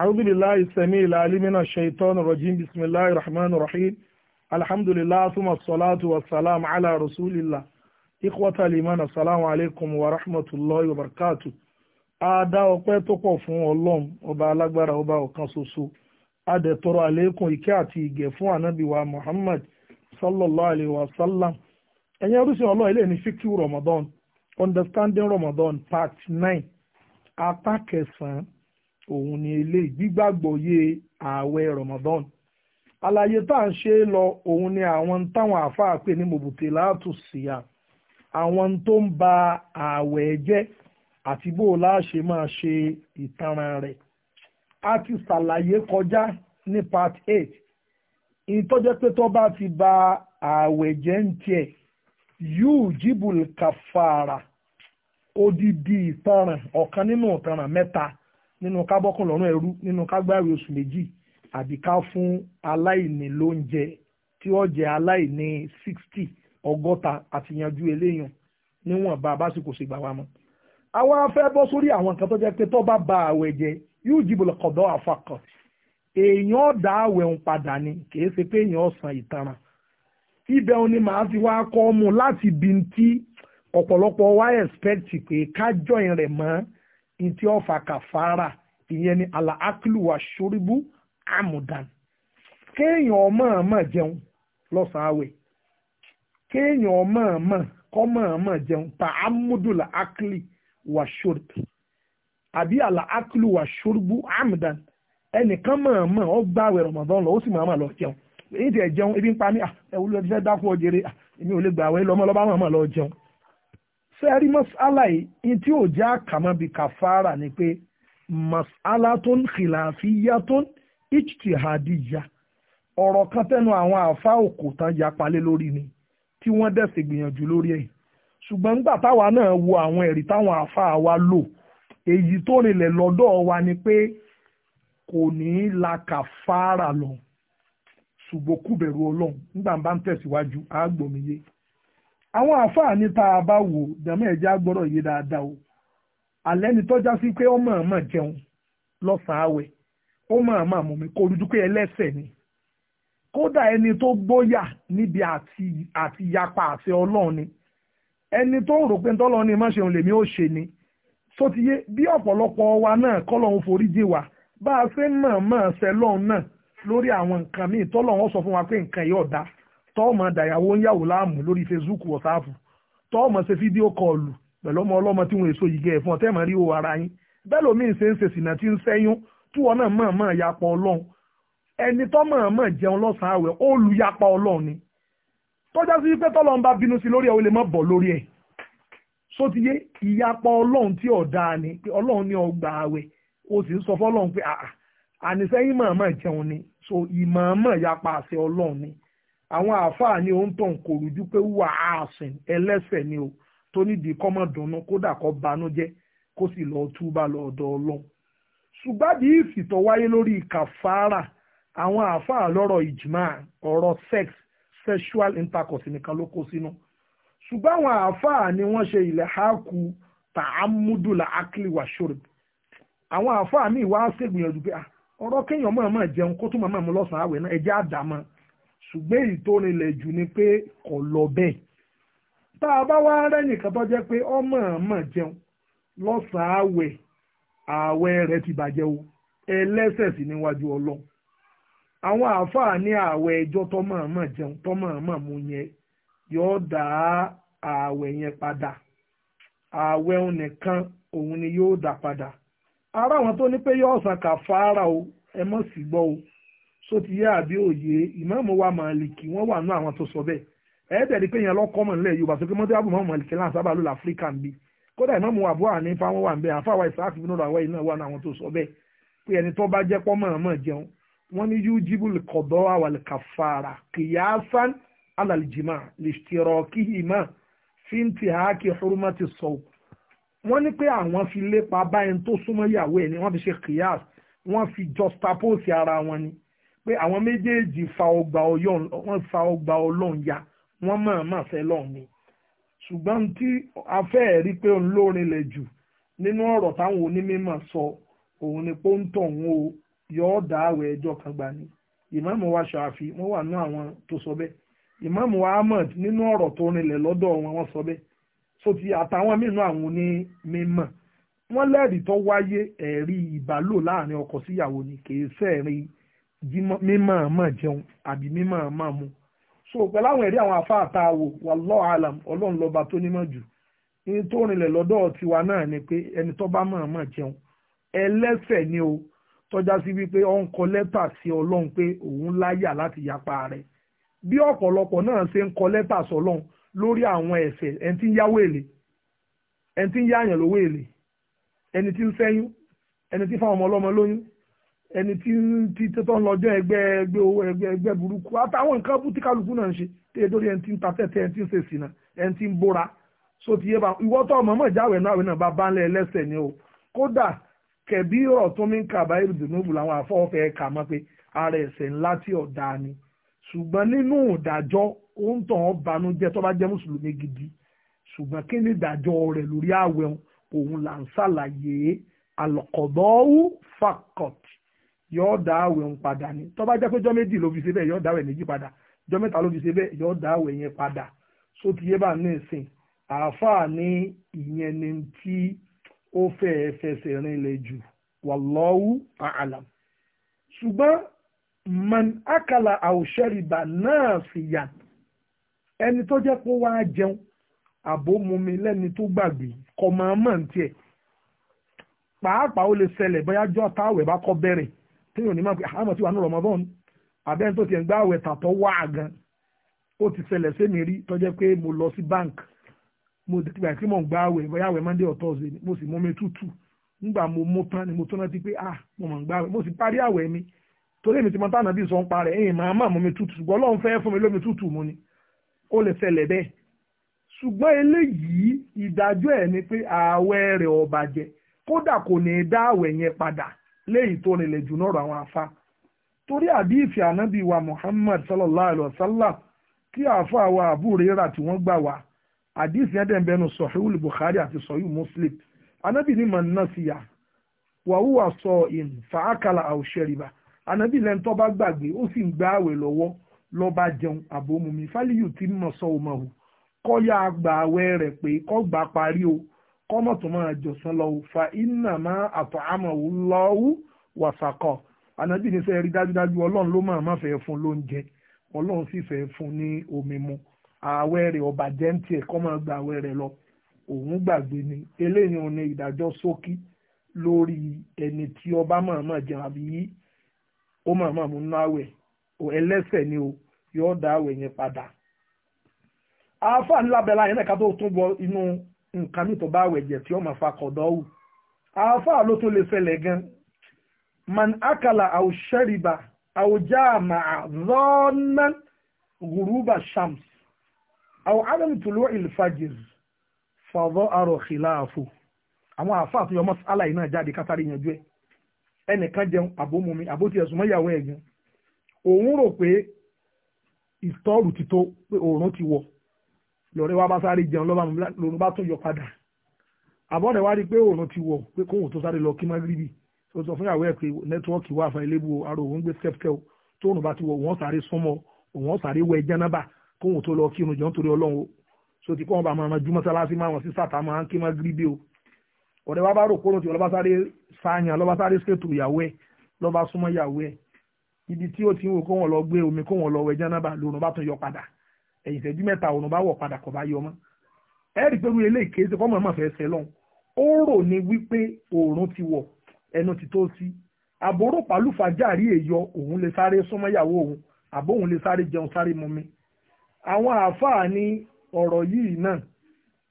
أعوذ بالله السميع العليم من الشيطان الرجيم بسم الله الرحمن الرحيم الحمد لله ثم الصلاة والسلام على رسول الله إخوة الإيمان السلام عليكم ورحمة الله وبركاته Adá ọpẹ́ tó pọ̀ fún Ọlọ́run ọba alágbára ọba ọ̀kan ṣoṣo. Adẹ̀tọ̀rọ̀ àlékún ìkẹ́ àti ìgẹ̀ fún ànábì wa Muhammad sallallahu alayhi wa sallam. Ẹ̀yin orísun Ọlọ́run ilé ní Fikiru Ramadan, Understanding Ramadan, Part 9, apá kẹsàn òun ni eléyìí gbígbàgbọ́ yé ààwẹ̀ Ramadan àlàyé tá à ń ṣe lọ òun ni àwọn táwọn àáfàá pè ní mòbùtè láàtò síyà àwọn tó ń ba ààwẹ̀ jẹ́ àti bó o láṣẹ máa ṣe ìtanràn rẹ̀ a ti ṣàlàyé kọjá ní part eight ìtọ́jẹ́ pé tó bá ti ba ààwẹ̀ jẹ́ ń tiẹ̀ yóò jíbùl kàfàrà odidi ìtanràn ọ̀kan nínú ìtanràn mẹ́ta nínú ká bọ́kùn lọ́rùn ẹrú nínú ká gbààwẹ̀ oṣù méjì àbí ká fún aláìní lóúnjẹ tí ó jẹ aláìní sixty ọgọ́ta àti yanjú eléyàn níwọ̀n bá a bá sì kò sì gbà wá mọ́. àwa fẹ́ bọ́ sórí àwọn nǹkan tó jẹ́ pé tó bá ba àwẹ̀ jẹ yóò jìbò lọ́kọ̀dọ́ àfakọ̀ èèyàn dá àwẹ̀ ń padà ni kìí ṣe pé èèyàn san ìtanràn ibẹ̀ òun ni màá ti wá kọ́ mu láti bí n ọ̀pọ̀lọpọ̀ wá expect ìtí ọfà kàfàrà ìyẹn ni àlàákìlù wa ṣoríbù àmùdàn kéèyàn ọmọọmọ jẹun kéèyàn ọmọọmọ kọ́mọọmọ jẹun ta amúdùlà àkìlì wa ṣoríbù àbí àlàákìlù wa ṣoríbù àmùdàn ẹnìkan mọ̀ọ́mọ̀ ó gbá àwẹ̀ Ramadan lọ ó sì mọ̀ọ́mọ̀ lọ jẹun èyí tẹ̀ jẹun ebi ń pa mí ẹ̀wúlò ti dákú èmi ò lè gbà lọ jẹun sẹ́ẹ̀rí masala yìí tí ò jẹ́ àkàmọ́ bíi kàfàrà ni pé masala tó ń khilafiyya tó ń ya ọ̀rọ̀ kan tẹnu àwọn àfa òkò tán yapalé lórí ni tí wọ́n dẹ̀ sì gbìyànjú lórí ẹ̀ ṣùgbọ́n nígbà táwa náà wo àwọn ẹ̀rí táwọn àfa wa lò èyí tó rinlẹ̀ lọ́dọ̀ wa ni pé kò ní í la kàfàrà lọ ṣùgbọ́n kúbẹ̀rù ọlọ́run nígbà bá ń tẹ̀síwájú àgbòmíye àwọn àáfàá ní tá a bá wò dàmọ́ ẹ̀já gbọ́dọ̀ yé dáadáa o alẹ́ ni tọ́já sí pé ó mọ̀ọ́mọ̀ jẹun lọ́sàn-án àwẹ̀ ó mọ̀ọ́mọ̀ mú kò rújú pé ẹlẹ́sẹ̀ ni kódà ẹni tó gbóyà níbi àti yapa àti ọlọ́run ni ẹni tó rò pé tọ́lọ́ ni má ṣeun lèmi ó ṣe ni só ti yé bí ọ̀pọ̀lọpọ̀ wa náà kọ́lọ́hún forí jì wá bá a ṣe mọ̀ọ́mọ̀ ṣẹlọ́run náà lórí àwọn nǹkan míì tọ́lọ́hún ó sọ fún wa pé nǹkan yìí ọ̀dà tọ́ọ̀mọ dàyàwó ń yàwó láàmú lórí Facebook WhatsApp tọ́ọ̀mọ ṣe fídíò kọ́ọ̀lù pẹ̀lú ọmọ ọlọ́mọ tí wọ́n èso yìí gẹ̀ fún ọ tẹ́ẹ̀mọ rí owó ara yín bẹ́ẹ̀ lómi ń ṣe ń ṣe sìnà tí ń sẹ́yún tí wọn náà mọ̀ọ́mọ̀ yapọ̀ ọlọ́run ẹni tó mọ̀ọ́mọ̀ jẹun lọ́sàn-án àwẹ̀ olùyapa ọlọ́run ni tọ́já sí pé tọ́lọ́run bá bínú sí lórí ẹ̀ o lè má bọ̀ lórí ẹ̀ sótìyé ìyapa ọlọ́run tí ọ̀dà ni àníṣẹ́yìn mọ̀ọ́mọ̀ jẹun ni so ìmọ̀ọ́mọ̀ yapa àṣẹ ọlọ́run ni àwọn àáfàá ni òun tàn kò rújú pé wà áàsìn ẹlẹ́sẹ̀ ni o tó nídìí kọ́ mọ̀ dùnú kódà kọ́ banújẹ́ kó sì lọ́ọ́ túbà lọ́dọ̀ ọlọ́run ṣùgbọ́n ìfìtọ̀ wáyé lórí kàfàrà àwọn àáfàá lọ́rọ̀ ìjìmá ọ̀rọ̀ sex sexual intercourse nìkan ló kó sínú ṣùgbọ́n àwọn àáfàá ni wọ́n ṣe ilẹ̀ hákù tààmúdùlà akli wa shurb àwọn àáfàá míì wá ṣègbìyànjú pé ah, ọ̀rọ̀ kéèyàn mọ̀ọ́mọ̀ jẹun kó tún mọ̀ọ́mọ̀ lọ́sàn-án àwẹ̀ náà ẹ̀jẹ̀ àdàmọ́ ṣùgbọ́n èyí tó rinlẹ̀ jù ni pé kò lọ bẹ́ẹ̀ tá a bá wá rẹ́nìkan tó jẹ́ pé ọmọ ọmọ jẹun lọ́sàn-án àwẹ̀ àwẹ̀ rẹ̀ ti bàjẹ́ o ẹlẹ́sẹ̀ sí níwájú ọlọ́run àwọn àáfàá ní àwẹ̀ ẹjọ́ tọ́mọ̀ ọmọ jẹun tọ́mọ̀ ọmọ mu yẹn yóò dá àwẹ̀ yẹn padà àwẹ̀ òun nìkan òun ni yóò dá padà ara àwọn tó ní pé yóò sàkà fara o ẹ mọ̀ sí gbọ́ o só ti yá àbí òye ìmáàmù wa màlìkì wọ́n wà nú àwọn tó sọ bẹ́ẹ̀ ẹ̀ẹ́dẹ̀ẹ́dì pé yẹn lọ́kọ́ mọ̀ nílẹ̀ Yorùbá sókè mọ́tò àbùmọ́ màlìkì láwọn sábà ló láfíríkà ń bí kódà ìmáàmù wa àbúrò àní fáwọn wà ń bẹ́ẹ̀ àfáwà Isaac bínú làwọn iná wà nú àwọn tó sọ bẹ́ẹ̀ pé ẹni tó bá jẹ́ pọ́mọ̀ọ́mọ̀ jẹun wọ́n ní yújíbù pé àwọn fi lépa báyìí tó súnmọ́ ìyàwó ẹ̀ ni wọ́n fi ṣe kìyàs wọ́n fi juxtapose ara wọn ni pé àwọn méjèèjì fa ọgbà ọlọ́run wọ́n fa ọgbà ọlọ́run ya wọ́n mọ̀ mọ̀ fẹ́ lọ́run ni ṣùgbọ́n tí a fẹ́ rí pé òun lórin lẹ̀ jù nínú ọ̀rọ̀ táwọn onímọ̀ sọ òun ni pé ó ń tọ̀ òun o yọ̀ọ́ dá àwẹ̀ ẹjọ́ kan gbà ní ìmáàmù wa ṣàfi wọ́n wà ní àwọn tó sọ bẹ́ẹ̀ ìmáàmù wa nínú ọ̀rọ̀ tó rinlẹ̀ lọ́dọ̀ wọn wọ́n sọ bẹ́ẹ̀ so ti àtàwọn mìíràn àwọn onímọ̀ wọ́n lẹ́rìí tó wáyé ẹ̀rí ìbálò láàrin ọkọ síyàwó ni kì í ṣẹ̀rí mímọ̀ àmọ̀ jẹun àbí mímọ̀ àmọ̀ mu so pẹ̀lú àwọn ẹ̀rí àwọn afá àtàwò wallahu alam ọlọ́run lọ́ba tó nímọ̀ jù ní tó rinlẹ̀ lọ́dọ̀ tiwa náà ni pé ẹni tó bá mọ̀ àmọ̀ jẹun ẹlẹ́fẹ̀ ni o tọ́já sí wípé ó ń kọ lẹ́tà sí ọlọ́run pé òun láyà láti yapa rẹ̀ bí ọ̀pọ̀lọpọ̀ náà ṣe ń kọ lẹ́tà sọlọ́run lórí àwọn ẹ̀ṣẹ̀ ẹni tí ń yáwó èlé ẹni tí ń yáàyàn lówó èlé ẹni tí ń fẹ́yún ẹni tí fáwọn ọmọ ọlọ́mọ lóyún ẹni tí tí tó ń lọ́jọ́ ẹgbẹ́ ẹgbẹ́ owó ẹgbẹ́ ẹgbẹ́ burúkú àtàwọn nǹkan bú tí kálukú náà ń ṣe tí èdè orí ẹni tí ń ta tẹ́tẹ́ ẹni tí ń ṣe sìnà ẹni tí ń bóra so ti yé ba ìwọ́ tó ọmọ mọ̀ jáwèé náà àwẹ̀ náà bá bánlẹ̀ ẹlẹ́sẹ̀ ni o kódà kẹ̀bí ọ̀tún mi ń kà báyìí dùnúbù làwọn afọ́fẹ́ kà mọ́ pé ara ẹ̀ṣẹ̀ ńlá tí ọ̀dà ni ṣùgbọ́n nínú ìdájọ́ ó ń tàn án banújẹ́ tó bá jẹ́ mùsùlùmí gidi ṣùgbọ́n kí ni ìdájọ́ rẹ̀ lórí àwẹ̀ òun là ń ṣàlàyé alọ́kọ̀dọ́wù fàkọ̀tì yóò dá àwẹ̀ ń padà ni tó bá jẹ́ pé jọ́ méjì ló fi ṣe bẹ́ẹ̀ yóò dá àwẹ̀ méjì padà jọ́ mẹ́ta ló fi ṣe bẹ́ẹ̀ yóò dá àwẹ̀ yẹn padà só ti yé bá ní ìsìn àáfàá ní ìyẹn ni tí ó fẹ́ẹ́ fẹsẹ̀ rinlẹ̀ jù wallahu a'lam ṣùgbọ́n man akala àwòṣẹ́rìbà náà sì yà ẹni tó jẹ́ pé wàá jẹun àbómumi lẹ́ni tó gbàgbé kọ́ máa mọ̀ ní tiẹ̀ pàápàá ó lè ṣẹlẹ̀ bóyá jọ́ táwẹ̀ bá kọ́ bẹ̀rẹ̀ téèyàn ní máa pé àmọ́ tí wà ní Ramadan abẹ́ni tó ti ẹ̀ ń gbá àwẹ̀ tàtọ́ wá gan ó ti ṣẹlẹ̀ sẹ́mi rí tó pé mo lọ sí bank mo ti gbà pé mo ń gbá àwẹ̀ bóyá àwẹ̀ Monday or Thursday mo sì mọ́mi tútù nígbà mo mú tán ni mo tún rántí pé ah mo mọ̀ ń gbá àwẹ̀ mo sì parí àwẹ̀ mi torí èmi ti mọ tánà bí sọ ń parẹ́ ẹ̀yìn màá máa mọ́mi tútù ṣùgbọ́n Ọlọ́run fẹ́ fún mi lómi tútù mu ni ó lè ṣẹlẹ̀ bẹ́ẹ̀ ṣùgbọ́n eléyìí ìdájọ́ ẹ̀ ni pé ààwẹ̀ rẹ̀ ó kódà kò ní í dá ààwẹ̀ yẹn padà léyìí tó rìnlẹ̀ jù náà rọ àwọn afá torí àdífì ànábì wa Muhammad sallallahu alayhi wa sallam tí àáfà wa àbúrò rírà tí wọ́n gbà wá àdífì ẹ̀dẹ̀ bẹnu sọ̀híwùl Bukhari àti sọ̀híwù Muslim ànábì ní mọ̀ náà sí ya wàhùwà sọ ìn fàákàlà àwòṣẹ́rìbà ànábì lẹ́nu tó bá gbàgbé ó sì ń gba àwẹ̀ lọ́wọ́ ló bá jẹun àbòmùmí fálíyù tí mọ̀ sọ òmọ̀ hù kọ́ yá gbà àwẹ̀ rẹ̀ pé kọ́ gbà parí o kọ́mọ̀ tó máa jọ̀sán lọ fa iná máa àtọ̀ àmọ̀ lọ́wọ́ wàsàkọ̀ ànábì ní sẹ́yìn rí dájúdájú ọlọ́run ló máa má fẹ́ fún lóúnjẹ ọlọ́run sì fẹ́ fún ní omi mu ààwẹ̀ rẹ̀ ọba jẹ́ǹtì ẹ̀ kọ́mọ̀ gba ààwẹ̀ rẹ̀ lọ òun gbàgbé ni eléyìí ò ní ìdájọ́ ṣókí lórí ẹni tí ọba máa máa jẹun àbí ó máa máa mú náà wẹ̀ ẹlẹ́sẹ̀ ni o yóò dá ààwẹ̀ yẹn padà àáfàá ńlá bẹ̀rẹ̀ àyẹ̀lẹ̀ ká tó nǹkan mi tó bá wẹ̀jẹ̀ tí ó máa fa kọ̀dọ̀ wù àáfàá ló tó lè ṣẹlẹ̀ gan man akala àwòṣẹ́rìbà àwòjá àmà àzọ́nà gùrùbà shams àwọn adámùtòló ìlfàjìr fàvọ́ àrò khìláàfù àwọn àáfàá tó yọ mọ́ aláì náà jáde kátàrí yanjú ẹ ẹnìkan jẹun àbómumi àbótí ẹ̀sùn mọ́yàwó ẹ̀gbìn òun rò pé ìtọ́rù ti tó pé òòrùn ti wọ̀ lọ́rẹ́ wa bá sáré jẹun lọ́ba lòun bá tún yọ padà àbọ̀dẹ̀ wá rí i pé òòrùn ti wọ̀ pé kóhùn tó sáré lọ kí magribi tó sọ fún ìyàwó ẹ̀ pé nẹ́tíwọ́ọ̀kì wà fún ilé ibùdó ara òun gbé skẹ́pkẹ́ o tóòrùn bá ti wọ̀ òun sáré súnmọ́ òun sáré wẹ̀ jẹ́nàbà kóhùn tó lọ kírun jọ nítorí ọlọ́run o so ti kóhùn bá máa ma júmọ́ sálásí máa wọn sí sàtà máa ń kí magribi o ọ̀rẹ́ wa bá rò kóhùn tí ọlọ́ba sáré lọ́ba sáré skẹ́tù ẹ̀yìn ìṣẹ́jú mẹ́ta ọ̀nà bá wọ̀ padà kọ̀ bá yọ mọ́ ẹ rí pẹ̀lú eléyìí kéde kọ́mọ̀ máa fẹ́ sẹ́ lọ́n ó rò ní wípé òòrùn ti wọ̀ ẹnu ti tó sí àbúrò pàlúfàjárì èyọ òun lè sáré súnmọ́yàwó òun àbó òun lè sáré jẹun sáré mumi àwọn àáfàá ní ọ̀rọ̀ yìí náà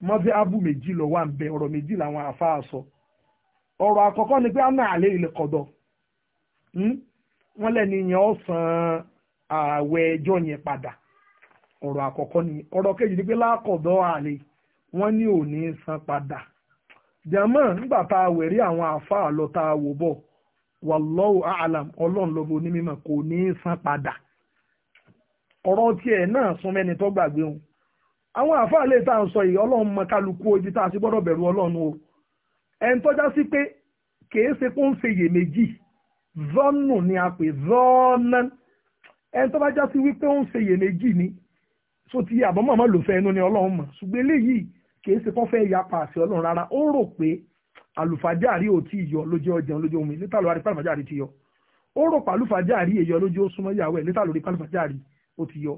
mọ́fí ábù méjì lọ wà ń bẹ ọ̀rọ̀ méjì làwọn àáfàá sọ ọ̀rọ̀ àkọ́kọ́ ni pé á náà lé ilẹ̀ kọ̀dọ̀ hmm? wọ́n lẹ́ni yẹn ó san ẹjọ́ yẹn padà ọ̀rọ̀ àkọ́kọ́ ni ọ̀rọ̀ kejì ni pé lákọ̀dọ̀ àlè wọ́n ní ò ní san padà jàmọ́ nígbà tá a wẹ̀rí àwọn àáfàá lọ tá a wò bọ̀ wallahu a'lam ọlọ́run lọ́bọ̀ onímọ̀ kò ní san padà ọ̀rọ̀ tiẹ̀ náà sún mẹ́ni tó gbàgbé wọn àwọn àáfàá lè tá à ń sọ yìí ọlọ́run mọ kálukú ojú tá a sì gbọ́dọ̀ bẹ̀rù ọlọ́run o ẹni tọ́já sí pé kìí ṣe kó ń ṣe iyèméjì zọ́nù ni a pè zọ́ọ́nà ẹni tó bá já sí wípé ó ń ṣe iyèméjì ni so ti àbọ̀mọ̀ mọ́ ló fẹ́ inú ni ọlọ́run mọ̀ ṣùgbọ́n eléyìí kìí ṣe kọ́ fẹ́ ya paàṣẹ ọlọ́run rárá ó rò pé àlùfájàrí ò tí ì yọ lójú ọjàn lójú omi níta lórí pàlùfájàrí ti yọ ó rò pé àlùfájàrí èyọ lójú ó súnmọ́ ìyàwó ẹ̀ níta lórí pàlùfájàrí ó ti yọ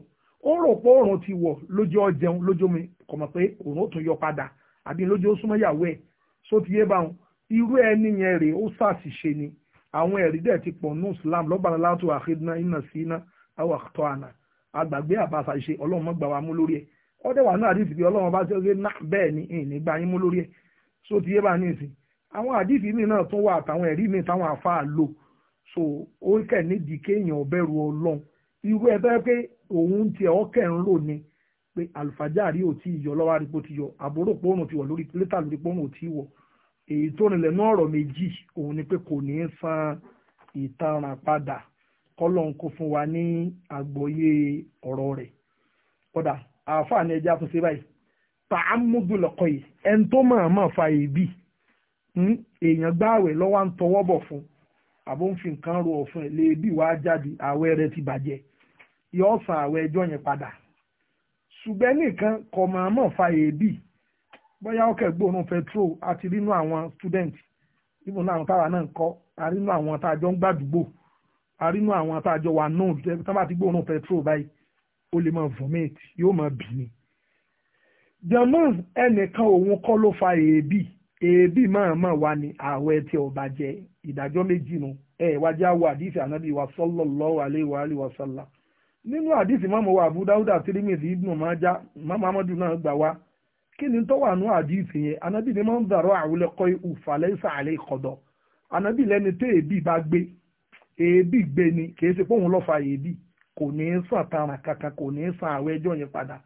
ó rò pé òòrùn ti wọ̀ lójú ọjàn lójú omi kọ̀ mọ̀ pé òòrùn ó tún yọ padà àbí lójú ó súnmọ́ ìyàwó ẹ̀ só ti yé báwọn irú ẹni yẹn rèé ó ṣàṣìṣe ni àwọn ẹ̀rí dẹ̀ ti pọ̀ nù Islam lọ́gbàlá látò àhídínà ìnà sí iná àwọn àtọ́ àná agbàgbé àbáṣà ìṣe ọlọ́run mọ́ gbà wá mú lórí ẹ̀ ọdẹ wà náà àdìsí bí ọlọ́run bá ṣe ná bẹ́ẹ̀ ni ìní gba yín mú lórí ẹ̀ so ti yé bá ní ìsìn àwọn àdìsí mi náà tún wà àtàwọn ẹ̀rí mi táwọn àfáà lò so ó kẹ̀ nídìí kéèyàn ọ̀bẹ̀rù ọlọ́run irú ẹ bẹ́ẹ̀ pé òun tiẹ̀ ọkẹ̀ ń rò ni pé àlùfájàrí ò tí ì yọ lọ́wọ́ àrípò ti yọ àbúrò pọ́ùn ti wọ̀ lórí létà lórí pọ́ùn ò tí ì wọ̀ èyí tó rinlẹ̀ náà ọ̀rọ̀ méjì òun ni pé kò ní í san ìtanràn padà kọ́lọ́n kó fún wa ní àgbọ́yé ọ̀rọ̀ rẹ̀ kódà àáfàá ni ẹja tún ṣe báyìí ta amúgbìlọ́kọ̀ yìí ẹni tó máa máa fa èébì hmm, èèyàn gbáàwẹ̀ lọ́wọ́ ń tọwọ́ bọ̀ fún àbó ń fi nǹkan ro ọ̀fun ẹ̀ léèbì wá jáde àwẹ̀ rẹ̀ ti bàjẹ́ yọ san àwẹ̀ ẹjọ́ yẹn padà ṣùgbẹ́ nìkan kọ̀ máa máa fa èébì bóyá ọkẹ́ gbóòórùn petrol àti rínú àwọn student ibùdó àwọn táwa náà ń kọ́ àrínú àwọn tá jọ ń gbàdúgbò arínú àwọn àtàjọ wa náà tó bá gbóòórùn petrol báyìí ó lè máa vomit yóò máa bì ní. german ẹnìkan òun kọ́ ló fa èébì èébì máa máa wà ní ààwẹ̀ tí ó bàjẹ́ ìdájọ́ méjì nu ẹ̀ wájú àwọ̀ àdìsí ànábì wa sallallahu alaihi wa alihi wa sallam nínú àdìsí mọ́mọ́ wa Abu Dawud Tirmidhi Ibn Majah mọ́mọ́ amadu náà gbà wá kí ni tó wà àdìsí yẹn ànábì ni máa ń dàrọ́ àwùlẹ̀kọ́ ìfàlẹ́sà àlẹ́ ìkọ̀dọ̀ ànábì lẹ́ni tó èébì bá gbé èébì gbé ni kìí ṣe póun lọ́ọ́ fa èébì kò ní í sàn tara kankan kò ní í sàn àwọn ẹjọ́ yẹn padà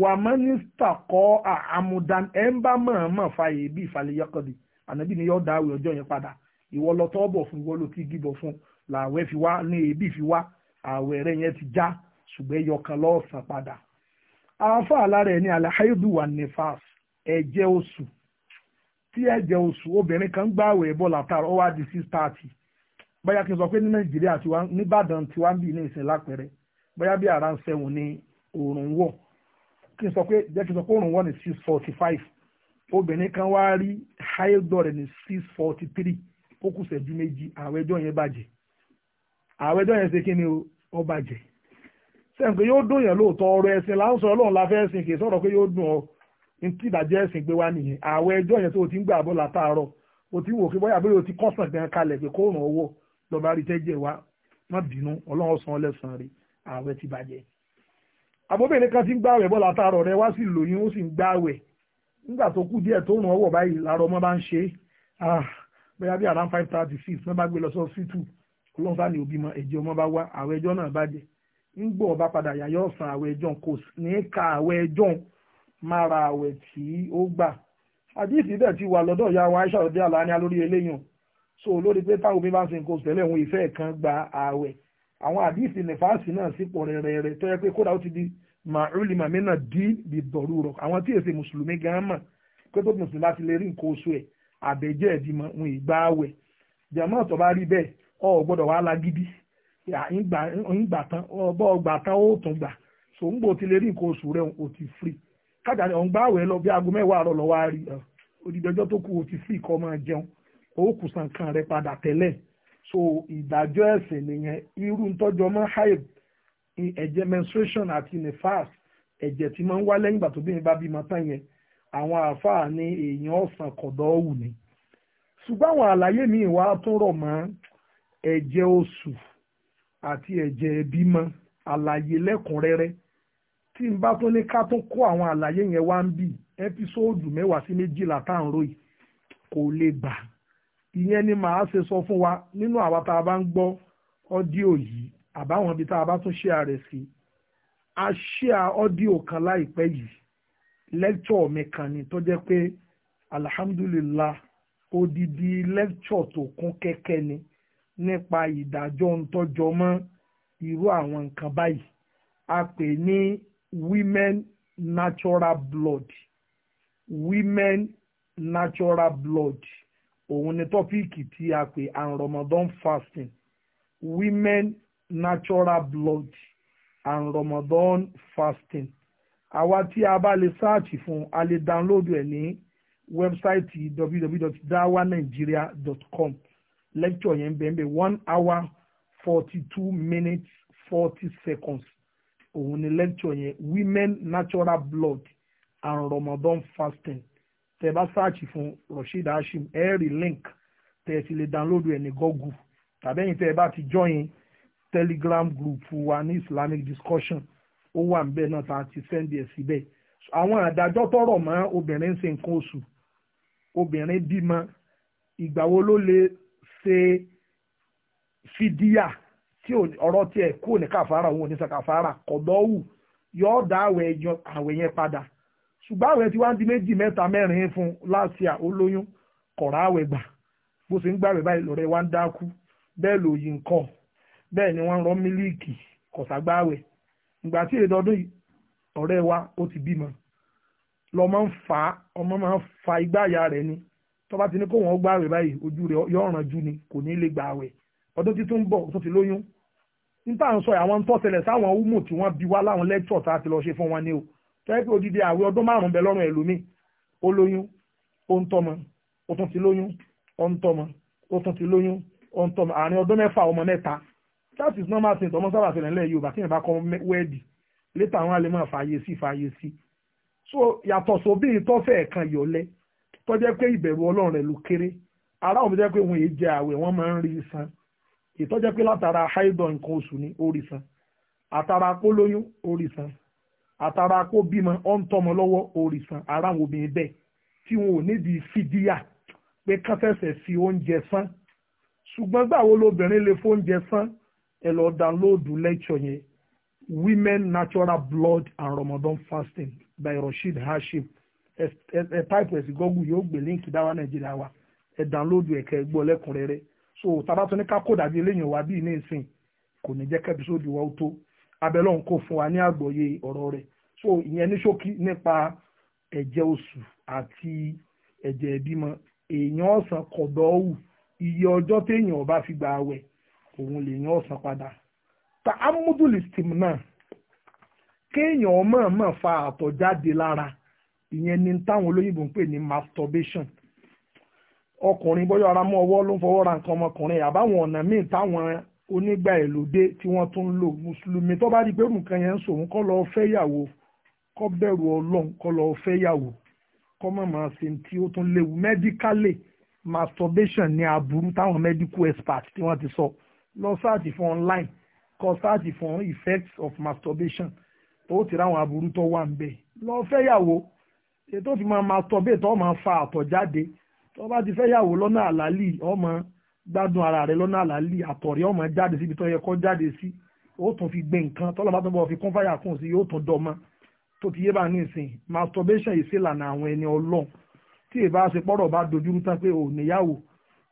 wà mínísítà kọ́ àmúdán ẹ̀ ń bá fa èébì ìfàlẹ̀ yọkọ̀dì ànábì ni yọ̀ọ́ dáwọ̀ ọjọ́ yẹn padà ìwọ lọ tọ́ bọ̀ fún ìwọ ló ti gíbọ̀ fún làwẹ̀ fi wá ní èébì fi wá àwẹ̀ rẹ̀ yẹn ti já ṣùgbẹ́ yọkan lọ́ọ̀sán padà àáfà alára ẹ̀ ní alahaidu wa nefas ẹ̀jẹ̀ oṣù tí ẹ̀jẹ̀ oṣù obìnrin kan gbààwẹ̀ bọ́ látara ó wá di six thirty bóyá kí n sọ pé ní nàìjíríà tiwa nìbàdàn tiwa ń bì ní ìsìn lápẹẹrẹ bóyá bí ara ń sẹ́wọ̀n ní òòrùn wọ̀ kí n sọ pé jẹ́ kí n sọ pé òòrùn wọ̀ ní six forty five obìnrin kan wá rí haidor ní six forty three ó kù ṣẹ́jú méjì ààwẹ̀ ọjọ́ yẹn bàjẹ́ ààwẹ̀ ọjọ́ yẹn ṣe kí ni ó bàjẹ́ sẹ́ǹpé yóò dùn yẹn lóòótọ́ ọ̀rọ̀ ẹ̀sìn là ń sọ ọlọ́run la fẹ́ sìn kì í sọ̀rọ̀ pé yóò dùn ọ tí ìdájọ́ ẹ̀sìn gbé wá nìyẹn ààwẹ̀ ọjọ́ yẹn tó o ti ń gbà bọ́ látàárọ̀ o ti wò kí bóyá bóyá o ti kọ́sàn gan kalẹ̀ pé kó ràn ọwọ́ lọ́ba rí tẹ́jẹ̀ wá má bínú ọlọ́run san ọlẹ́sàn rẹ̀ ààwẹ̀ ti bàjẹ́. àbóbìnrin kan ti ń gbààwẹ̀ bọ́ látàárọ̀ rẹ̀ wá sí lóyún ó sì ń gbààwẹ̀ nígbà tó kú díẹ̀ tó rùn ọwọ́ báyìí làárọ̀ ọmọ bá ń ṣe ah, bóyá bí around five thirty six wọ́n bá gbé lọ sọ́sítù ọlọ́run sáà ní òbí mọ ẹ̀jẹ̀ ọmọ bá wá ààwẹ̀ ẹjọ́ náà bàjẹ́ ń gbọ́ ọba padà yàyọ́ ọ̀sán ààwẹ̀ ẹjọ́ kò ní ka ààwẹ̀ ẹjọ́ mára ààwẹ̀ tí ó gbà àdìsí dẹ̀ ti wà lọ́dọ̀ ìyá wa Aisha ọ̀dẹ́ àlàáníà lórí eléyàn so lórí pé táwọn obìnrin bá ń ṣe nǹkan oṣù tẹ́lẹ̀ òun ìfẹ́ kan gba ààwẹ̀ àwọn àdìsí nìfàásì náà sípò rẹ̀rẹ̀rẹ̀ tó yẹ pé kódà ó ti di màálì màmí náà dí ìdọ̀rú rọ̀ àwọn tí èsè mùsùlùmí gan mọ̀ pé tó mùsùlùmí bá ti lè rí nǹkan oṣù ẹ̀ àbẹ̀jẹ́ ìdìmọ̀ òun ìgbà ààwẹ̀ jàmọ́ tó bá rí bẹ́ẹ̀ ọ gbọ́dọ̀ wá lágídí ìgbà tán ọgbọ́ ọgbà tán ó tún gbà so ń gbò ti lè rí nǹkan oṣù rẹ̀ ò ti free kájà ni ọ̀ ń gbà ààwẹ̀ lọ bí aago mẹ́wàá àárọ̀ lọ́wọ́ á rí odidi ọjọ́ tó kù ò ti free kọ́ máa jẹun ó kù sànkan rẹ padà tẹ́lẹ̀ so ìdájọ́ ẹ̀sìn nìyẹn irú ntọ́jọ́ mọ́ haib ẹ̀jẹ̀ menstruation àti nefas ẹ̀jẹ̀ tí máa ń wá lẹ́yìn ìgbà tó bíyẹn bá bímọ tán yẹn àwọn àáfàá ní èèyàn ọ̀sán kọ̀dọ̀ òwù ni ṣùgbọ́n àwọn àlàyé mi wá tó rọ̀ mọ́ ẹ̀jẹ̀ oṣù àti ẹ̀jẹ̀ bímọ àlàyé lẹ́kùnrẹ́rẹ́ tí n bá tó ní ká tó kó àwọn àlàyé yẹn wá ń bì ẹ́písòòdù mẹ́wàá sí méjìlá tá ròyìn kò lè bà ìyẹn ni màá ṣe sọ fún wa nínú àwa tá a bá ń gbọ́ ọ́díò yìí àbáwọn ibi tá a bá tún ṣe ààrẹ sí a ṣe ọ́díò kan láìpẹ́ yìí lẹ́kítọ̀ mi kan ni tó jẹ́ pé alhamdulillah odidi lẹ́kítọ̀ tó kún kẹ́kẹ́ ni nípa ìdájọ́ ń tọ́jọ́ mọ́ irú àwọn nǹkan báyìí a pè ní women natural blood women natural blood òun ni tọ́píìkì tí a pè and Ramadan fasting women natural blood and Ramadan fasting àwa tí a bá lè sáàtì fún a lè dáńlódù ẹ̀ ní wẹ́bsáìtì www.dawanigeria.com lecture yẹn bẹ́ẹ̀ bẹ́ẹ̀ one hour forty two minutes forty seconds òun ni lecture yẹn women natural blood and Ramadan fasting tẹ bá sáàchì fún Rasheed Hashim ẹ̀rì link tẹ ti lè dánlódù ẹ̀ ní Google tàbẹ́yìn tẹ bá ti join telegram group wa ní Islamic discussion ó wà ń bẹ̀ náà tá a ti sẹ́ndì ẹ̀ síbẹ̀ àwọn àdájọ́ tọrọ mọ́ obìnrin ń ṣe nǹkan oṣù obìnrin bímọ ìgbà wo ló lè ṣe fìdíyà tí ọ̀rọ̀ tiẹ̀ kúrò ní kàfàrà òun ò ní sọ kàfàrà kọ̀dọ́wù yọ̀ọ́ dá àwẹ̀ yẹn padà ṣùgbọ́n àwẹ̀ tí wá ń di méjì mẹ́ta mẹ́rin fún last year olóyún kọ̀rọ̀ àwẹ̀ gbà bó ṣe ń gbàwẹ̀ báyìí lọ́rẹ́ wá ń dákú bẹ́ẹ̀ ló yí nǹkan bẹ́ẹ̀ ni wọ́n ń rọ mílíìkì kọ̀ságbáwẹ̀ ìgbà tí èdè ọdún ọ̀rẹ́ wa ó ti bímọ lọ́mọ ń fa ọmọ máa ń fa igbá ìyá rẹ̀ ni tó bá ti ní kó wọ́n gbàwẹ̀ báyìí ojú rẹ̀ yọ̀ràn ju ni kò ní lè gbàwẹ̀ ọdún títún bọ̀ tó ti lóyún níta à ń sọ àwọn tó sáwọn húmù tí wọ́n bí wá láwọn lẹ́tọ̀ tá a ti lọ ṣe fún wọn ni o tẹ́ẹ̀kì odidi àwẹ̀ ọdún márùn-ún bẹ lọ́rùn ẹlòmí ó lóyún ó ń tọ́mọ ó tún ti lóyún ó ń tọ́mọ ó tún ti lóyún ó ń tọ́mọ àárín ọdún mẹ́fà ọmọ mẹ́ta that is normal thing tọmọ sábà ṣẹlẹ̀ ńlẹ̀ Yorùbá tí yẹn bá kọ́ wẹ́ẹ̀dì létà àwọn alẹ́ máa fààyè sí fààyè sí so yàtọ̀ sóbì tọ́fẹ̀ kan yọ̀lẹ́ tọ́jẹ́ pé ìbẹ̀rù Ọlọ́run rẹ̀ ló kéré ara òun jẹ́ pé òun èé jẹ àwẹ̀ wọ́n máa ń rí san ìtọ́jẹ́ pé látara haidọ̀ nǹkan oṣù ní orí san àtara pólóyún orí san àtàrà kó bímọ ọ ń tọmọ lọ́wọ́ òrìṣàn ara àwọn obìnrin bẹ́ẹ̀ tí wọn ò nídìí fìdíyà pé kán fẹsẹ̀ fi oúnjẹ san ṣùgbọ́n gbà wo lè fóúnjẹ san ẹ lọ dánlóòdù lecture yẹn women natural blood and Ramadan fasting by Rasheed Hashim ẹ táìpù ẹ̀ sí gọ́gù yóò gbé líǹkì dáwà nàìjíríà wa ẹ dánlóòdù ẹ̀kẹ́ gbọ́ lẹ́kùnrẹ́rẹ́ so tàbá tó ní ká kó dàbí eléyìí wá bí ní ìsìn kò ní jẹ́ kẹ́bísódì wa tó abẹ́lọ́hún kò fún wa ní àgbọ́yé ọ̀rọ̀ rẹ̀ so ìyẹn ní ṣókí nípa ẹ̀jẹ̀ oṣù àti ẹ̀jẹ̀ ìbímọ èèyàn ọ̀sán kọ̀dọ̀ ọ̀hù iye ọjọ́ téèyàn bá fi gba àwẹ̀ òun lèèyàn ọ̀sán padà ta amúdùlì steam náà kéèyàn mọ̀ọ́mọ̀ fa àtọ̀ jáde lára ìyẹn ni táwọn olóyìnbó ń pè ní masturbation ọkùnrin bóyá ara mọ́ ọwọ́ ló ń fọwọ́ ra nǹkan ọmọkùnrin àbáwọn ọ̀nà míì táwọn onígbà èlòdé tí wọ́n tún ń lò mùsùlùmí tó bá rí pé nǹkan yẹn ń sòun kọ́ lọ́ọ́ fẹ́ yàwó kọ́ bẹ̀rù ọlọ́run kọ́ lọ́ọ́ fẹ́ yàwó kọ́ mọ̀ máa ṣe tí ó tún léwu mẹ́díkálì masturbation ní aburú táwọn medical experts tí wọ́n ti sọ lọ sáàtì fún online kọ sáàtì fún effects of masturbation tó ti ráwọn aburú tó wà ń bẹ̀ lọ́ọ́ fẹ́ yàwó ètò fi máa masturbate tó máa fa àtọ̀ jáde tó bá ti fẹ́ yàwó lọ́nà àlàálì ọmọ gbádùn ara rẹ lọ́nà àlàálì àtọ̀rẹ́ ọmọ jáde síbi tó yẹ kó jáde sí ó tún fi gbé nǹkan tọ́lọ́ bá tó bọ̀ fi kún fáyà kùn sí yóò tún dọ́mọ tó ti yé bá ní ìsìn masturbation yìí sí ìlànà àwọn ẹni ọlọ́run tí ìbá ṣe pọ́rọ̀ bá dojúrú tán pé ò níyàwó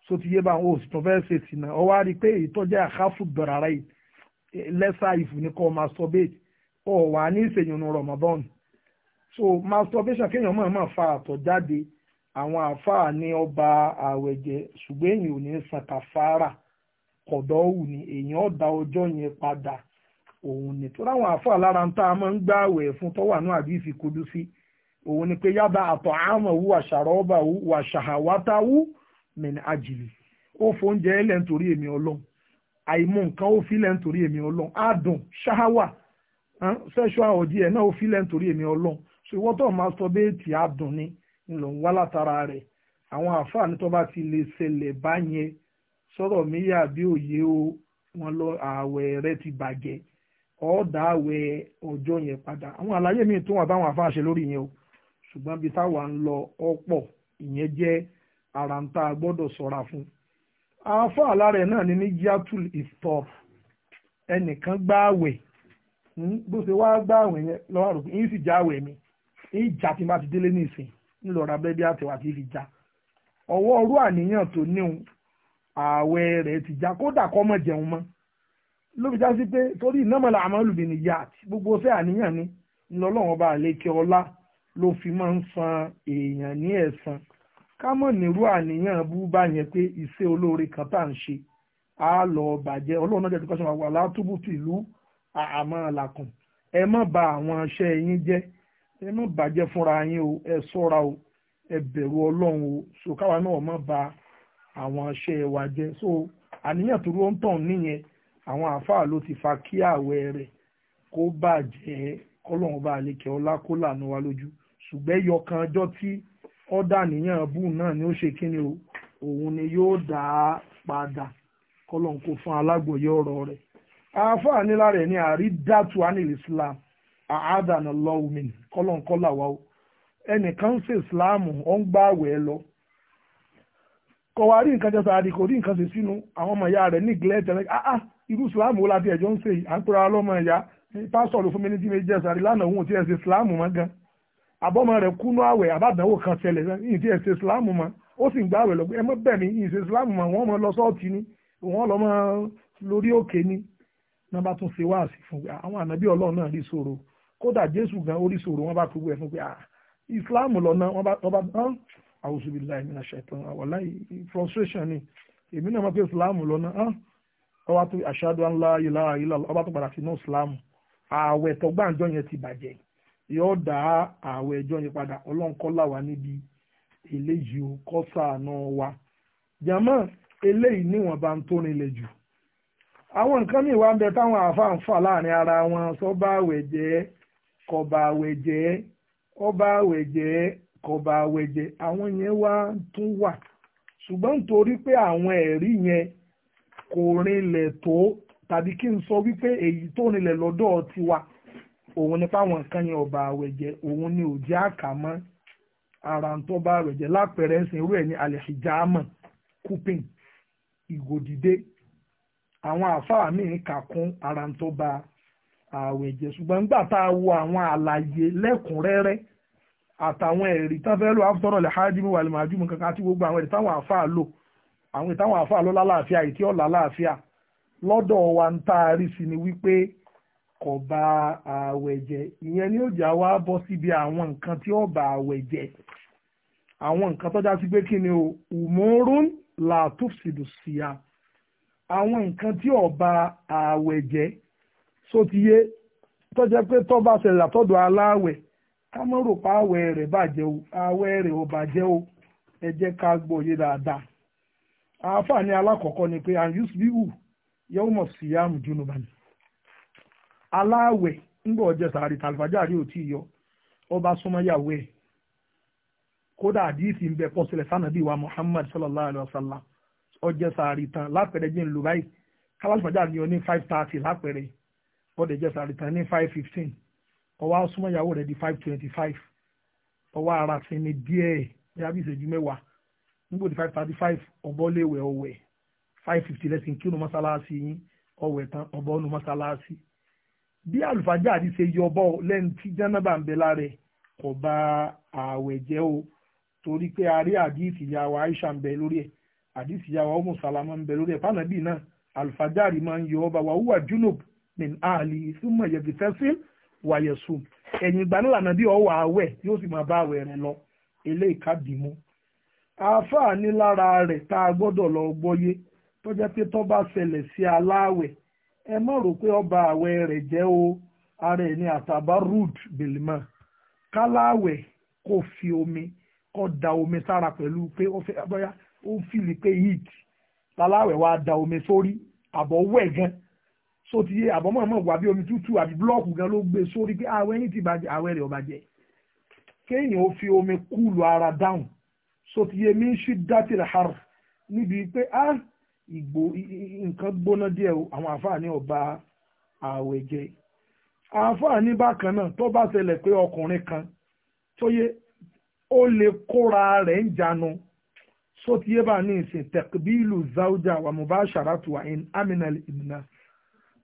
tó ti yé bá ò sì tún fẹ́ẹ́ ṣe sìnà ọ wá rí pé ìtọ́jà àkáfù gbọ̀rọ̀ ara yìí lẹ́sà ìfù ní kọ́ masturbate ọ̀ wà ní ìsèyàn Ramadan so masturbation kéèyàn máa máa fa àtọ̀ jáde àwọn àáfàá ní ọba àwẹ̀jẹ ṣùgbọ́n èyàn ò ní san kàfàrà kọ̀dọ̀ òwù ni èyàn ọ̀dà ọjọ́ yẹn padà òun ni tó láwọn àáfàá lára ń tá a máa ń gbá àwẹ̀ fún tó wà ní àdìsí kojú sí òun ni pé yábà àtọ̀ àmọ̀ wù àṣàrọ̀ ọba wù wàṣàhàwátà wù mẹ́ni àjìlì ó fóúnjẹ ẹlẹ́ nítorí èmi ọlọ́run àìmọ̀ nǹkan ó filẹ̀ nítorí èmi ọlọ́run àdùn ṣáháwà sẹ́ṣọ́ àwọ̀dí náà ó filẹ̀ nítorí èmi ọlọ́run ṣùgbọ́n tó máa sọ bẹ́ẹ̀ tì àdùn ni ńlọ ń wá látara rẹ̀ àwọn àfáàní tó bá ti lè ṣẹlẹ̀ báyẹn sọ̀rọ̀ mi yà bí òye o wọn lọ ààwẹ̀ rẹ ti bàjẹ́ ọ̀ọ́dà ààwẹ̀ ọjọ́ yẹn padà àwọn àlàyé míì tó wà báwọn àfáà ṣe lórí yẹn o ṣùgbọ́n bí táwa ń lọ ọ̀pọ̀ ìyẹn jẹ́ ara ń tá a gbọ́dọ̀ fún àáfàá lára náà ni ní jatul iftar ẹnìkan gbààwẹ̀ hmm, bó ṣe wá gbààwẹ̀ yẹn lọ́wọ́ àròkù yìí sì jáwẹ̀ mi yìí jà tí n bá ti délé ní ìsìn ńlọ ra bẹ́bí àtẹ̀wà tí fi já ọwọ́ ọrú àníyàn tó níhun ààwẹ̀ rẹ̀ ti já kódà kọ́ mọ̀ jẹun mọ́ ló fi já sí pé torí ìnámọ̀lá àmọ́lùbí ni yá àti gbogbo ṣẹ́ àníyàn ni ńlọ́lọ́wọ́n bá lékè ọlá ló fi máa ń san èèyàn ní ẹ̀san ká mọ̀ nírú àníyàn bú bá yẹn pé iṣẹ́ olóore kan tá à ń ṣe á lọ bàjẹ́ ọlọ́run náà jẹ́ ti kọ́ sọ́wọ́ wà látúbùtì ìlú àmọ́ làkùn ẹ má ba àwọn iṣẹ́ yín jẹ́ ẹ má bàjẹ́ fúnra yín o ẹ ṣọ́ra o ẹ bẹ̀rù ọlọ́run o so náà má ba àwọn aṣẹ wa jẹ́ so àníyàn tó ló ń tàn nìyẹn àwọn àáfàá ló ti fa kí ààwẹ̀ rẹ̀ kó bàjẹ́ kọ́lọ́run bá lè kẹ́ ọlá kó lànà wa lójú ṣùgbẹ́ yọkan ọjọ́ tí ọ̀dà níyàn bù náà ni ó ṣe kíni o òun ni yóò dá a padà kọ́lọ́run kó fún alágbòye ọ̀rọ̀ rẹ̀ àáfàá nílára ẹ̀ ní àrídàtú Islam àádàna lọ́wọ́mìn kọ́lọ́nkọ́là wa o ẹnìkan ń ṣe ìsìláàmù ó ń gbá àwẹ̀ lọ kò wá rí nǹkan jẹ́sà àdìkò rí nǹkan ṣe sínú àwọn ọmọ ìyá rẹ̀ neglect ẹ̀ ah ah irú ìsìláàmù wo la ti ẹ̀jọ́ ń ṣe à ń pera wa lọ́mọ ìyá pásítọ̀ ló fún mi ní tí mi jẹ́ sàrí lánàá òun ò tí ẹ̀ ṣe ìsìláàmù mọ́ gan àbọ̀mọ rẹ̀ kúnú àwẹ̀ àbádànwò kan ṣẹlẹ̀ yìí tí ẹ̀ ṣe ìsìláàmù mọ́ ó sì ń àwọn ànábì ọlọ́run náà rí ṣòro kódà jésù gan oríṣiríṣi wọn bá fi wú ẹ fún pé ah, islam lọ́nà wọn bá àwùsùbìláì mi àṣà ìtàn àwọ̀lá frustration ni èmi náà mọ̀ pé islam lọ́nà ọba ah, tó ashadu an la ilaha illallah ọba tó padà sínú islam ààwẹ̀ tọ́gbàǹjọ́ yẹn ti bàjẹ́ yóò dá ààwẹ̀ ẹjọ́ yẹn padà ọlọ́nkọ́lá wa níbi eléyìí o kọ́sàánú wa jàmọ́ eléyìí níwọ̀n bá ń tó nílẹ̀ jù àwọn nǹkan mìíràn wá ń bẹ táwọn àáfàá láàrin ara wọn sọ́bàwẹ̀ jẹ́ kọba àwẹ̀ jẹ́ ọba àwẹ̀ kọba àwẹ̀ jẹ́ àwọn yẹn wá tún wà ṣùgbọ́n nítorí pé àwọn ẹ̀rí yẹn kò rinlẹ̀ tó tàbí kí n sọ wípé èyí tó rinlẹ̀ lọ́dọ̀ tiwa òun nípa àwọn nǹkan yẹn ọba àwẹ̀ òun ni òjì àkàmọ́ ara ń tọ́ bá àwẹ̀ lápẹ̀rẹ̀ ń irú ẹ̀ ní ààwẹ̀ jẹ́ ṣùgbọ́n nígbà tá a wo àwọn àlàyé lẹ́kùnrẹ́rẹ́ àtàwọn ẹ̀rí tán fẹ́ lò áfítọ́rọ̀ lè hájímù wà lè máa jùmù kankan àti gbogbo àwọn ẹ̀rí táwọn àáfàá lò àwọn ẹ̀rí táwọn àáfàá lálàáfíà èyí tí ó lọ́dọ̀ wa ń tá a rí sí ni wípé kò bà ààwẹ̀ jẹ́ ìyẹn ni ó jà wá bọ́ síbi àwọn nǹkan tí ó bà ààwẹ̀ jẹ́ àwọn nǹkan tó sí pé kí ni o umurun la tufsidu siya àwọn nǹkan tí ó bà jẹ́ sótìyé tọ́jà pé tọ́ba ṣẹlẹ̀ àtọ́dọ̀ aláàwẹ̀ ká mọ́ rò pa àwẹ̀ rẹ̀ bàjẹ́ o àwẹ̀ rẹ̀ ò bàjẹ́ o ẹ jẹ́ ká gbọ́ yé dáadáa àǹfààní ni pé sí sàárì yọ ọba kódà àdìsí sànàbí wa Muhammad sallallahu alayhi wa sallam sàárì tán bọ́dẹ̀ jẹ́ sàrìtàn ní five fifteen ọwọ́ asúmọ̀ ìyàwó rẹ̀ di five twenty five ọwọ́ ara ni díẹ̀ yàrá bí ìṣẹ́jú mẹ́wàá nígbò di five thirty five ọ̀bọ́léwẹ̀ ọ̀wẹ̀ five fifty lẹ́sìn kírun mọ́sálásí yín ọ̀wẹ̀ tán ọ̀bọ́nu mọ́sálásí bí àlùfáàjà àti ṣe yọ ọbọ̀ lẹ́nu tí jánábà ń bẹ lára ẹ̀ kò bá ààwẹ̀ jẹ́ o torí pé a rí àdìsí ìyàwó Aisha ń bẹ lórí ẹ̀ àdìsí ìyàwó Umu Salama ń bẹ lórí ẹ̀ fànàbí náà àlùfáàjà rí máa ń yọ ọba wàhùwà junub min àlì súnmọ̀ yẹ̀bì fẹ́sìn wàyẹ̀sù ẹ̀yìn ìgbà náà lànà bí ọwọ́ àwẹ̀ yóò sì máa bá àwẹ̀ rẹ̀ lọ ilé ìkádìímú àáfàá ní lára rẹ̀ tá a gbọ́dọ̀ lọ gbọ́yé tó jẹ́ pé tó bá ṣẹlẹ̀ sí aláàwẹ̀ ẹ má rò pé ọba àwẹ̀ rẹ̀ jẹ́ o ara ẹ̀ ní àtàbá rude belima káláwẹ̀ kò fi omi kò da omi sára pẹ̀lú pé ó fẹ́ bóyá ó fìlì pé heat láláwẹ̀ wá da omi sórí àbọ̀ wẹ̀ gan-an so ti yé àbọ̀mọ́ àmọ́ wà bí omi tútù àbí blọ́ọ̀kù gan ló gbé sórí pé àwẹ̀ ní ti bàjẹ́ àwẹ̀ rẹ̀ ọ̀bàjẹ́ kéèyàn ó fi omi kúlù ara dáhùn so ti yé mi ń ṣí dátìrì har níbi pé á ìgbò nǹkan gbóná díẹ̀ àwọn àǹfààní ọba àwẹ̀ jẹ àǹfààní bákan náà tó bá ṣẹlẹ̀ pé ọkùnrin kan tó yé ó lè kóra rẹ̀ ń jánu so ti yé bá ní ìsìn tẹ̀kbílù záújà wà mubasharatu in aminal ibnas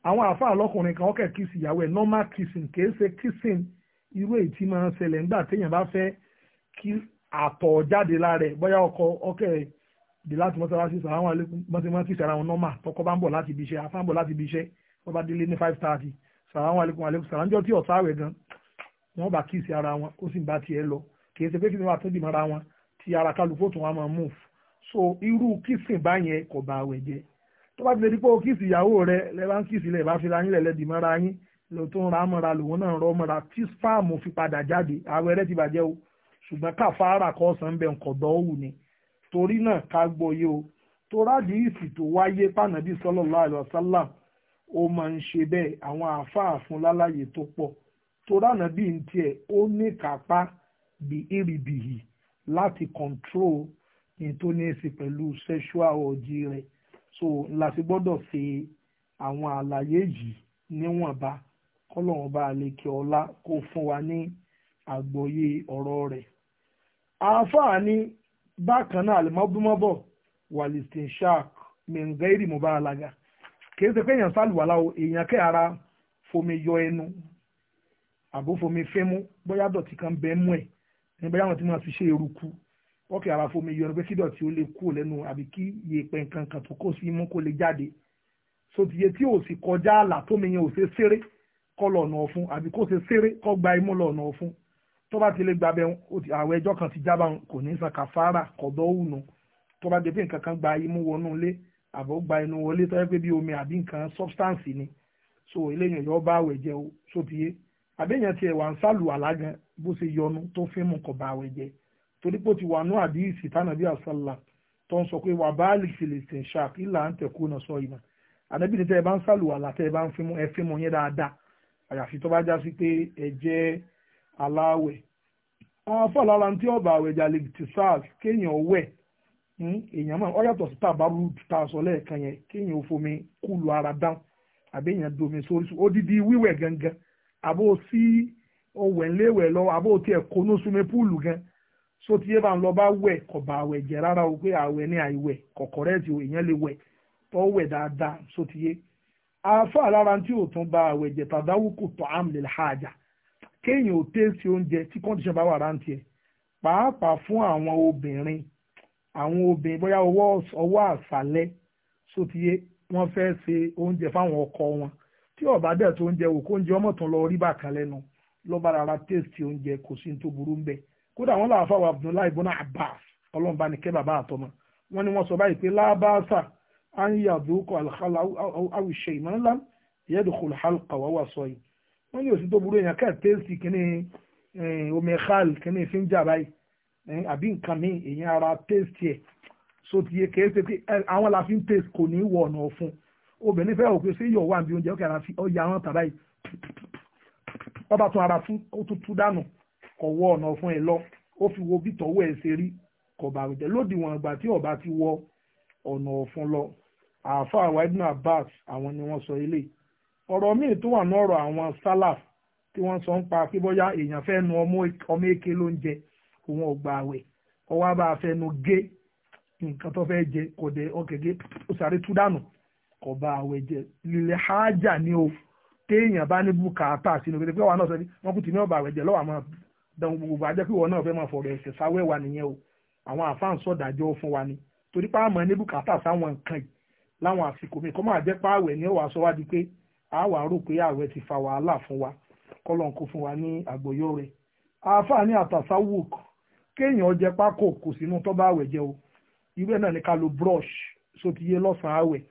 àwọn àáfàá lọ́kùnrin kan ọ̀kẹ́ kìsì ìyàwó ẹ̀ normal kissing kì í ṣe kissing irú èyí tí máa ń ṣẹlẹ̀ nígbà téèyàn bá fẹ́ kí àtọ̀ jáde lára ẹ̀ bóyá ọkọ ọ̀kẹ́ dè láti mọ́sálásí sàráwọn alẹ́kùn mọ́sálásí sàráwọn normal tọkọ bá ń bọ̀ láti ibi iṣẹ́ afá ń bọ̀ láti ibi iṣẹ́ wọ́n bá délé ní five thirty sàráwọn alẹ́kùn alẹ́kùn sàránjọ́ tí ọ̀tá rẹ̀ gan wọ́n bá kíìsì ara wọn ó sì ń bá tiẹ̀ lọ kì í ṣe pé kí ni wọ́n àtúndì mọ́ra wọn ti ara kálukú tó wọn máa move so irú kìsìn báyẹn kò bá àwẹ̀ jẹ́ tó bá ti lè di pé o kíìsì ìyàwó rẹ lẹ bá ń kíìsì lẹ bá fira yín lẹlẹdì mọ́ra yín lò tó ń ra mọ́ra lòun náà rọ mọ́ra tí spáàmù fi padà jáde àwẹ̀ rẹ ti bàjẹ́ o ṣùgbọ́n káfárà kọ́ san bẹ́ẹ̀ nkọ̀dọ̀ òwù ni torí náà ká gbọ́ yé o tó rádi ìsì tó wáyé pànàbí sallallahu alaihi wasallam ó máa ń ṣe bẹ́ẹ̀ àwọn àáfàá fún lálàyé tó pọ̀ tó rànà bí n tiẹ̀ ó ní kápá bí ìrìbìyì láti control ní tó ní í ṣe pẹ̀lú sexual orgy rẹ̀ so la sì gbọ́dọ̀ ṣe àwọn àlàyé yìí níwọ̀nba kọ́lọ́run bá lè kí ọlá kó fún wa ní àgbọ́yé ọ̀rọ̀ rẹ̀ àáfàá ní bákan náà àlèmọ́bùmọ́bọ̀ wàlìsìn shark mẹ́ngẹ́rì mo bá a laga kì í ṣe pé èèyàn sálùwàlá o èèyàn kẹ́ ara fomi yọ ẹnu àbó fomi fẹ́mú bóyá dọ̀tí kan bẹ́ẹ̀ mú ẹ̀ ní bóyá wọn ti máa fi ṣe eruku wọ́n fi ara fomi yọ pé kídọ̀ tí ó lè kú lẹ́nu àbí kí yèèpẹ̀ nǹkan kan tó kó sí imú kó lè jáde sotiye tí ò sì kọjá àlà tómi yẹn ò ṣe ṣeré kọ́ lọ́nà ọ̀fun àbí kó ṣe ṣeré kọ́ gba imú lọ́nà ọ̀fun tó bá ti lè gba abẹ àwọn ẹjọ́ kan ti jábà kò ní san kàfàrà kọ̀dọ̀ òun tó bá dé pé nǹkan kan gba imú wọnú ilé àbọ̀ gba inú wọlé tó yẹ pé bí omi àbí nǹkan substance ni so eléyìí ọ̀yọ́ bá àwẹ̀ jẹ́ o sotiye àbẹ̀yẹn tiẹ̀ wà ń sálù àlágan bó ṣe yọnu tó fi mú kọ̀ bá àwẹ̀ jẹ́ torí pé ó ti wà ní àdíyèsí tánàbí àsálà tó ń sọ pé wà bá lè ṣe lè ṣe ṣáàkì ìlà ń tẹ̀kú náà sọ ìmọ̀ ànábì ní tẹ́ ẹ bá ń sàlùwàlà tẹ́ ẹ bá ń fimú ẹ fimú yẹn dáadáa àyàfi tó bá já sí pé ẹ jẹ́ aláwẹ̀ àwọn afọlára tí ọba àwẹ̀jà lè ti sars kéèyàn wẹ̀ hmm? èèyàn máa ọ̀yàtọ̀ sí tàbá rúd tá a sọ lẹ́ẹ̀kan yẹn kéèyàn ò fomi kúlù ara dáhùn àbẹ́yàn domi sórí odidi wíwẹ̀ gangan àbó sí ọwẹ̀ ńléwẹ̀ lọ àbó tiẹ̀ kónú súnmi púùlù gan-an so tí yéba ń lọ bá wẹ̀ kò bá àwẹ̀ jẹ́ rárá o pé àwẹ̀ ní àìwẹ̀ kò correct o èèyàn lè wẹ̀ tó wẹ̀ dáadáa so tí yé àáfà lára tí ò tún bá àwẹ̀ jẹ́ tàdáwùkù tó àmìlẹ̀ hájà kéèyàn ò tẹ́sí oúnjẹ tí condition bá wà rántí ẹ̀ pàápàá fún àwọn obìnrin àwọn obìnrin bóyá ọwọ́ àṣálẹ́ so tí yé wọ́n fẹ́ ṣe oúnjẹ fáwọn ọkọ wọn tí ó bá dẹ̀ tó oúnjẹ wò kó oúnjẹ ọmọ tán lọ rí bàkan lọ́ba rárá tẹ́sí oúnjẹ kò sí ní tó burú ń bẹ́ẹ̀ kódà wọn làwọn afáwọn abdullahi ibùnà abbas ọlọ́run bá ní kẹ́ bàbá àtọmọ wọn ni wọ́n sọ báyìí pé lábàásà á ń yàdókò àlùkálà àwùṣe ìmọ̀lá yẹ́dùkú àlùkà wà wà sọ yìí wọ́n ní òsì tó burú èèyàn kẹ́ẹ̀ tẹ́sì kínní omi khal kínní fínjà báyìí àbí nǹkan mi èèyàn ara tẹ́sì ẹ̀ so ti yẹ kẹ́ẹ́ ṣe pé àwọn la fi ń tẹ́sì kò ní wọ̀ ọ̀nà ọ̀fun obìnrin fẹ́ òpin sí yọ̀ wà níbi oúnjẹ ó kẹ́ ara fi ọ̀yà kò wọ ọ̀nà fún ẹ lọ ó fi wo bí tọ́wọ́ ẹ ṣe rí kò bá rò jẹ́ lódiwọ̀n ìgbà tí ọba ti wọ ọ̀nà ọ̀fun lọ àáfàá wáìdínà abbas àwọn ni wọ́n sọ ilé ọ̀rọ̀ míì tó wà ní àwọn salaf tí wọ́n sọ ń pa pé bóyá èèyàn fẹ́ nu ọmọ èké ló ń jẹ òun ò gba àwẹ̀ ọwọ́ abá fẹ́ nu gé nǹkan tó fẹ́ jẹ kò dé ọkẹ̀gẹ́ ó sáré tú dànù kò bá àwẹ̀ jẹ lílẹ̀ hájà ni o téèyàn bá ní bùkátà sínú pé wà náà sọ pé wọ́n kù ní ọ̀bà àwẹ̀ jẹ lọ́wọ́ àmọ́ dàn gbogbo àjẹ́ pé ìwọ náà fẹ́ máa fọ̀rọ̀ ẹ̀sìn sáwẹ́wà nìyẹn o àwọn àfáà ń sọ̀dájọ́ fún wa ni torí pé àmọ́ ní bùkátà sáwọn nǹkan yìí láwọn àsìkò mi kọ́ máa jẹ́ pé àwẹ̀ ni ó wàá sọ wá di pé a wà rò pé àwẹ̀ ti fa wàhálà fún wa kọ́lọ́ǹkó fún wa ní àgbòyó rẹ̀ àfáà ní àtàsáwò kéèyàn jẹ pákó kò sínú tó bá àwẹ̀ jẹ o irú ẹ̀ náà ni ká lo brush sotiye lọ́sàn-án àwẹ̀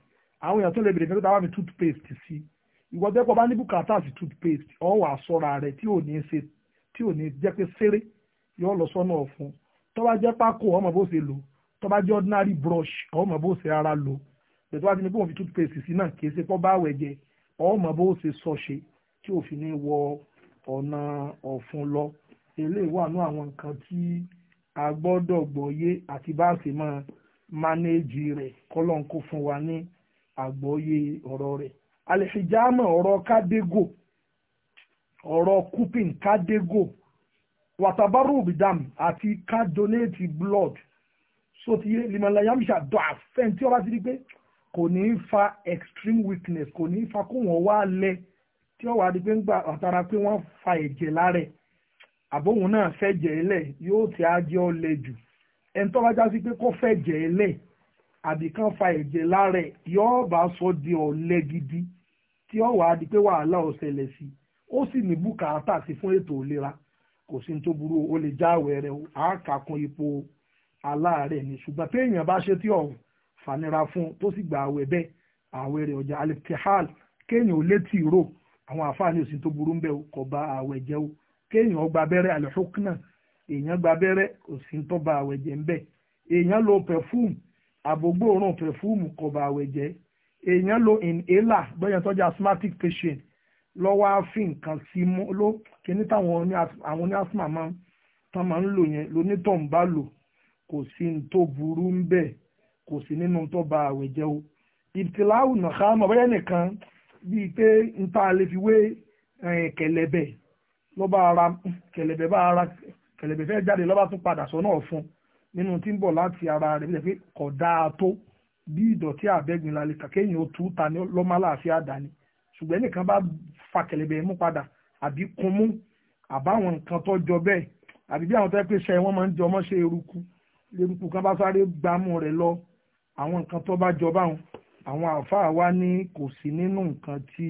àwọn èèyàn tó lè bèrè pé táwa fi toothpaste sí ìwọ́jẹ́pọ̀ bá ní bùkátà sí toothpaste ọ̀ wà sọ́ra rẹ̀ tí ò ní ṣe tí ò ní jẹ́ pé ṣeré yóò lọ sọ́nà ọ̀fun tó bá jẹ́ pákó ọmọ bó ṣe lò tó bá jẹ́ ordinary brush ọmọ bó ṣe ara lò bẹ̀tọ́ bá ti ní pé òun fi toothpaste sí náà kì í ṣe pọ́ bá àwẹ̀ jẹ ọmọ bó ṣe sọ ṣe tí òfin ní wọ ọ̀nà ọ̀fun lọ eléyìí wà ní àwọn nǹkan tí a gbọ́dọ̀ gbọ́yé àti bá a ṣe máa mánéèjì rẹ̀ kọ́lọ́n kó fún wa ní àgbọ́yé ọ̀rọ̀ rẹ̀ àlẹ́ fi jáàmù ọ̀rọ̀ kádégò ọ̀rọ̀ kupin kádégò wàtàbárò bìdàm àti kádónéètì blood so ti limalayamisa dọ àfẹn tí ọba ti di pé kò ní í fa extreme weakness kò ní í fa kó wọn wá lẹ tí ọwọ adi pé ń gbà àtàrà pé wọn fa ẹ̀jẹ̀ lárẹ àbóhun náà fẹ́ jẹ ẹlẹ yóò ti ajẹ ọlẹ jù ẹni tó bá já sí pé kó fẹ́ jẹ ẹlẹ àbí fa ẹ̀jẹ̀ lárẹ yóò sọ di ọ̀lẹ gidi tí ọwọ adi pé wàhálà ó sí i ó sì ní bùkátà sí fún ètò ìlera kò sí tó burú o lè já àwẹ̀ rẹ̀ àákàkùn ipò aláàárẹ̀ ni ṣùgbọ́n téèyàn bá ṣe tí ọ̀hún fanira fún tó sì gba àwẹ̀ bẹ́ẹ̀ àwẹ̀ rẹ̀ ọjà alipihal kéèyàn ò létí ìró àwọn àfáàní ò sí tó burú ń bẹ̀ kò ba àwẹ̀ o kéèyàn ó gba alihukna èèyàn gba abẹ́rẹ́ kò sí tó ba àwẹ̀ jẹ́ ń bẹ̀ èèyàn lo perfume àbògbóòrùn perfume kò ba àwẹ̀ jẹ́ èèyàn lo inhaler bóyá tó asthmatic patient lọ́wọ́ á fi nǹkan sí mú ló kíní táwọn oní asma máa tán máa ń lò yẹn lónítọ̀hún bá lò kò sí ní tó burú ń bẹ̀ kò sí nínú tó ba àwẹ̀ jẹ́ o ìtìláwù nàá mọ̀ bẹ́ẹ̀ nìkan bíi pé n ta lè fi wé kẹlẹ̀bẹ̀ lọ́ba ara kẹlẹ̀bẹ̀ bá ara kẹlẹ̀bẹ̀ fẹ́ jáde lọ́ba tún padà sọ náà fún nínú tí ń bọ̀ láti ara rẹ̀ bí pé kò dáa tó bí ìdọ̀tí àbẹ́gbin lálẹ́ kàkéyìn ó tú ta ní lọ́mọ aláàfin àdáni ṣùgbọ́n ẹnìkan bá fa kẹ̀lẹ̀bẹ̀ mú padà àbí kun mú àbáwọn nǹkan tó jọ bẹ́ẹ̀ àbí bí àwọn tó yẹ pé ṣe wọ́n máa ń jọ ọmọ ṣe eruku eruku kan bá sáré gbámú rẹ̀ lọ àwọn nǹkan tó bá jọ báwọn àwọn àáfàá wa ní kò sí nínú nǹkan tí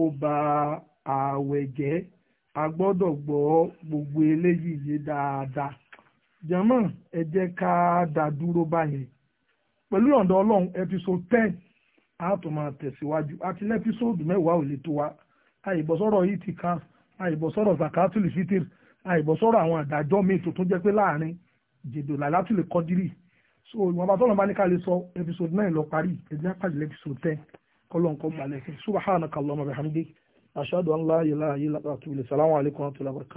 ó ba ààwẹ̀ jẹ́ a gbọ́dọ̀ gbọ́ gbogbo eléyìí yé dáadáa jẹ́mọ̀ ẹ jẹ́ ká dá dúró báyẹn pẹ̀lú ọ̀dọ̀ ọlọ́run episode ten a tó máa tẹ̀síwájú àti lẹ́písòdù mẹ́wàá ò lè tó wa àìbọ̀sọ̀rọ̀ yìí ti kan àìbọ̀sọ̀rọ̀ zakatuli fitir àìbọ̀sọ̀rọ̀ àwọn àdájọ́ míì tó tún jẹ́ pé láàrin jèdò làlátìlè kọ́dírì so ìwọ̀nba tó lọ́nà bá ní ká lè sọ episode nine lọ parí ẹ̀dí àpàdé episode ten kọ́lọ́nkọ́ gbalẹ̀ subhanakallahumma bihamdik ashhadu an la ilaha illa anta astaghfiruka wa atubu ilayk assalamu alaykum wa rahmatullahi wa barakatuh.